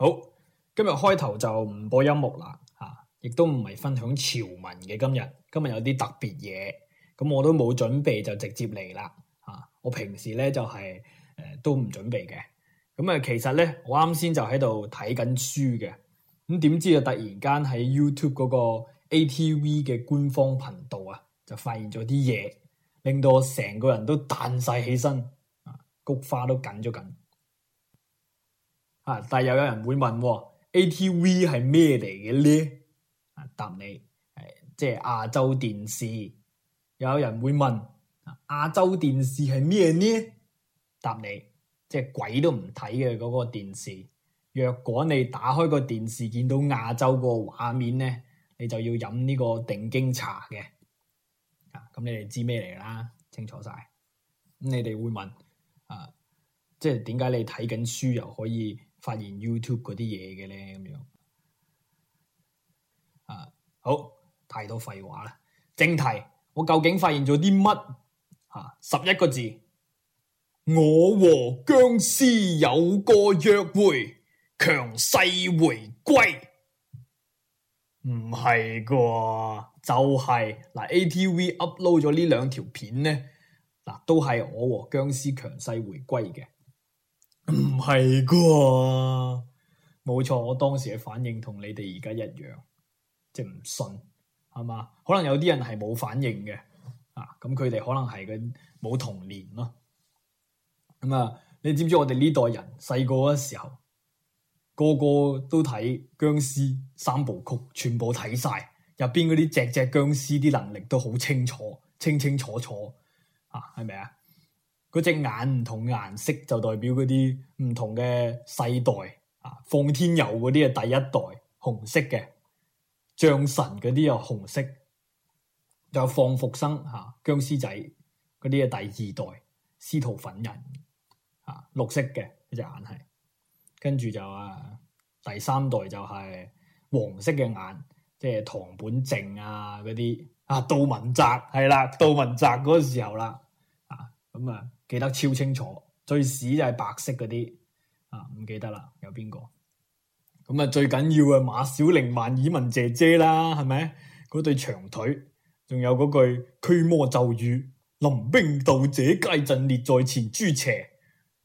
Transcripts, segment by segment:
好，今日開頭就唔播音樂啦，吓、啊，亦都唔係分享潮文嘅。今日今日有啲特別嘢，咁我都冇準備就直接嚟啦，吓、啊。我平時咧就係、是、誒、呃、都唔準備嘅，咁啊，其實咧我啱先就喺度睇緊書嘅，咁、啊、點知就突然間喺 YouTube 嗰個 ATV 嘅官方頻道啊，就發現咗啲嘢，令到我成個人都彈晒起身，啊，菊花都緊咗緊。啊！但係又有人會問 ATV 係咩嚟嘅咧？啊，答你係即係亞洲電視。又有人會問亞洲電視係咩呢？答你即係鬼都唔睇嘅嗰個電視。若果你打開個電視見到亞洲個畫面咧，你就要飲呢個定經茶嘅。啊！咁、嗯、你哋知咩嚟啦？清楚晒。嗯，咁你哋會問啊？即係點解你睇緊書又可以？發現 YouTube 嗰啲嘢嘅咧，咁樣啊，好太多廢話啦。正題，我究竟發現咗啲乜？吓、啊，十一個字，我和僵屍有個約會，強勢回歸。唔係啩？就係、是、嗱，ATV upload 咗呢兩條片咧，嗱都係我和僵屍強勢回歸嘅。唔係啩？冇錯，啊，我當時嘅反應同你哋而家一樣，即係唔信，係嘛？可能有啲人係冇反應嘅，啊，咁佢哋可能係佢冇童年咯。咁啊，你知唔知我哋呢代人細個嘅時候，個個都睇《殭屍三部曲》，全部睇晒，入邊嗰啲隻隻殭屍啲能力都好清楚，清清楚楚，啊，係咪啊？嗰隻眼唔同顏色就代表嗰啲唔同嘅世代啊，放天游嗰啲係第一代紅色嘅，將神嗰啲又紅色，就放復生吓、啊、僵屍仔嗰啲係第二代司徒粉人啊綠色嘅嗰隻眼係，跟住就啊第三代就係黃色嘅眼，即係唐本靜啊嗰啲啊杜汶澤係啦，杜汶澤嗰個時候啦啊咁啊。嗯啊記得超清楚，最屎就係白色嗰啲啊，唔記得啦，有邊個？咁啊，最緊要啊，馬小玲、萬綺雯姐姐啦，係咪？嗰對長腿，仲有嗰句驅魔咒語：臨兵鬥者皆陣列在前，豬邪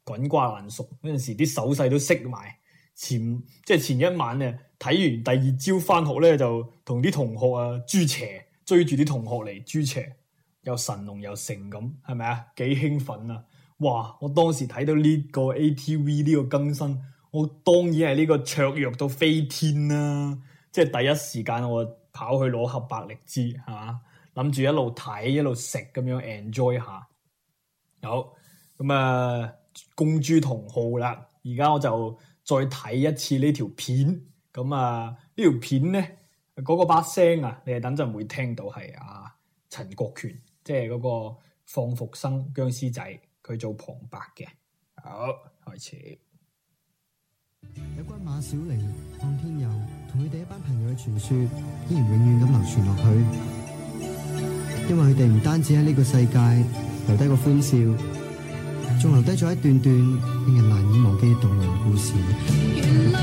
滾瓜爛熟。嗰陣時啲手勢都識埋。前即係、就是、前一晚咧，睇完第二朝翻學咧，就同啲同學啊，豬邪追住啲同學嚟豬邪。又神龍又成咁，係咪啊？幾興奮啊！哇！我當時睇到呢個 ATV 呢個更新，我當然係呢個雀躍到飛天啦、啊！即係第一時間我跑去攞盒百力滋，係嘛？諗住一路睇一路食咁樣 enjoy 下。好，咁、嗯、啊，公豬同號公諸同好啦。而家我就再睇一次呢條片。咁、嗯、啊，嗯、條呢條片咧，嗰、那個把聲啊，你哋等陣會，會聽到係阿陳國權。即係嗰個放復生殭屍仔，佢做旁白嘅。好，開始。有關馬小玲、方天佑同佢哋一班朋友嘅傳說，依然永遠咁流傳落去。因為佢哋唔單止喺呢個世界留低個歡笑，仲留低咗一段段令人難以忘記嘅動人故事。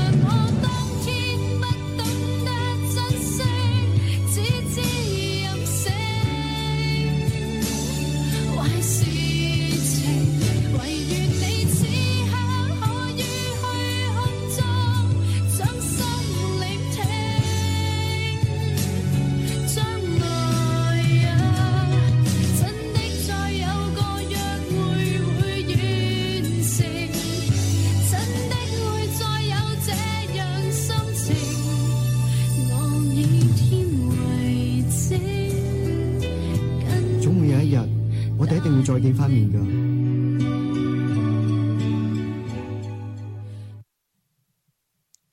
再見翻面噶，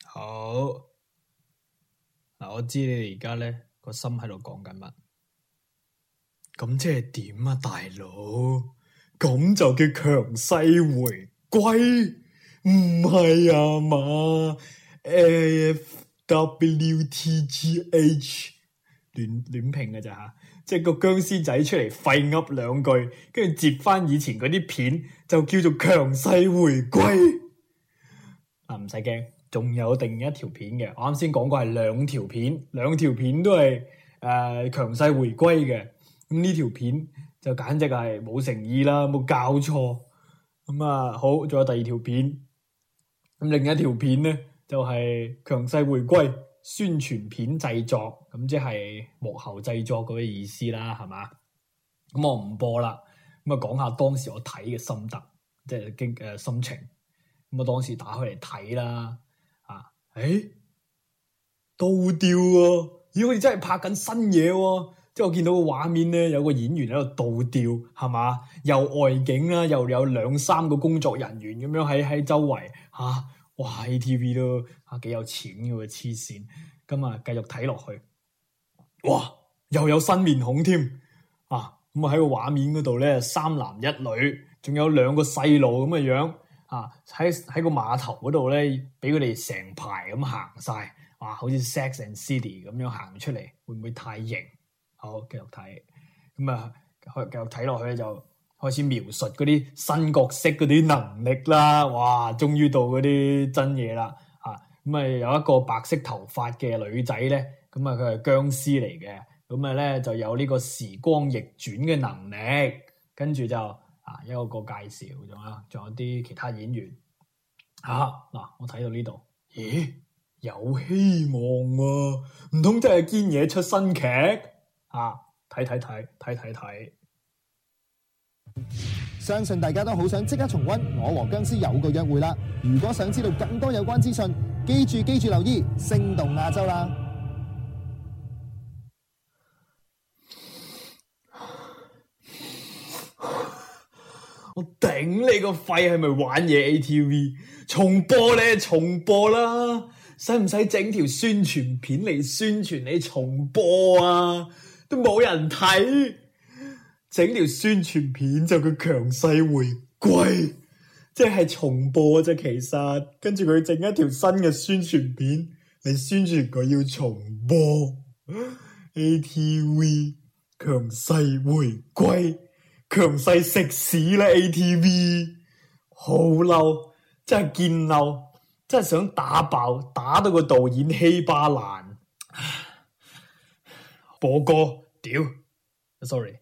好嗱，我知你而家呢個心喺度講緊乜？咁即係點啊，大佬？咁就叫強勢回歸，唔係啊嘛？F W T G H，亂亂評嘅咋吓？即係個僵屍仔出嚟廢噏兩句，跟住接翻以前嗰啲片，就叫做強勢回歸。啊，唔使驚，仲有另一條片嘅。我啱先講過係兩條片，兩條片都係誒強勢回歸嘅。咁呢條片就簡直係冇誠意啦，冇搞錯。咁啊，好，仲有第二條片。咁另一條片咧，就係強勢回歸。宣傳片製作，咁即係幕後製作嗰個意思啦，係嘛？咁我唔播啦，咁啊講下當時我睇嘅心得，即係經嘅心情。咁啊，當時打開嚟睇啦，啊，誒、欸，倒吊啊！如果真係拍緊新嘢、啊，即係我見到個畫面咧，有個演員喺度倒吊，係嘛？又外景啦，又有兩三個工作人員咁樣喺喺周圍，吓、啊。哇！A.T.V. 都啊，幾有錢嘅喎，黐線！今日繼續睇落去，哇，又有新面孔添啊！咁啊喺個畫面嗰度咧，三男一女，仲有兩個細路咁嘅樣啊，喺喺個碼頭嗰度咧，俾佢哋成排咁行晒，哇，啊！好似 Sex and City 咁樣行出嚟，會唔會太型？好，繼續睇，咁、嗯、啊，去繼續睇落去就。開始描述嗰啲新角色嗰啲能力啦，哇！終於到嗰啲真嘢啦，啊！咁、嗯、啊有一個白色頭髮嘅女仔咧，咁啊佢係僵屍嚟嘅，咁啊咧就有呢個時光逆轉嘅能力，跟住就啊一個個介紹咁啊，仲有啲其他演員啊嗱、啊，我睇到呢度，咦，有希望啊！唔通真係堅嘢出新劇啊？睇睇睇睇睇睇。看看看看相信大家都好想即刻重溫《我和僵屍有個約會》啦！如果想知道更多有關資訊，記住記住留意星動亞洲啦！我頂你個肺是是，係咪玩嘢 ATV？重播咧，重播啦！使唔使整條宣傳片嚟宣傳你重播啊？都冇人睇。整條宣傳片就叫強勢回歸，即係重播啫。其實跟住佢整一條新嘅宣傳片，嚟宣傳佢要重播 ATV 強勢回歸，強勢食屎啦 ATV，好嬲，真係見嬲，真係想打爆，打到個導演稀巴爛。播歌，屌，sorry。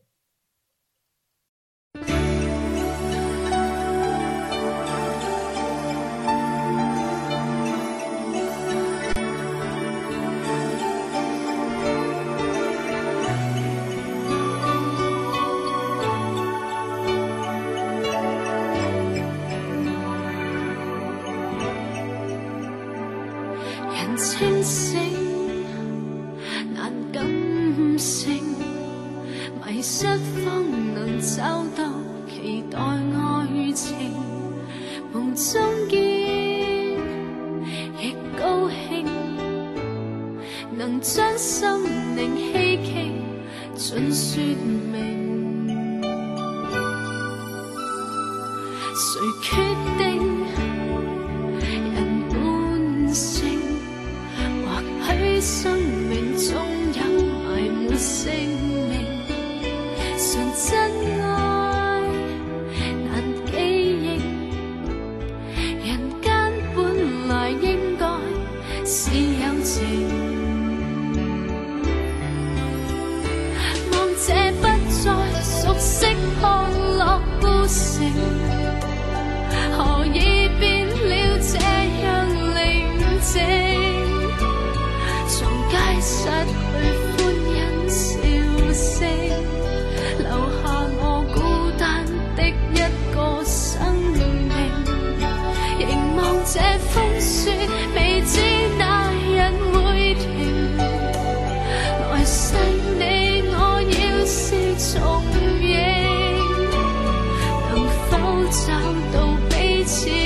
能將心靈希冀盡說明，誰決？失去歡欣笑聲，留下我孤單的一個生命。凝望這風雪，未知哪日會停。來世你我要是重遇，能否找到彼此？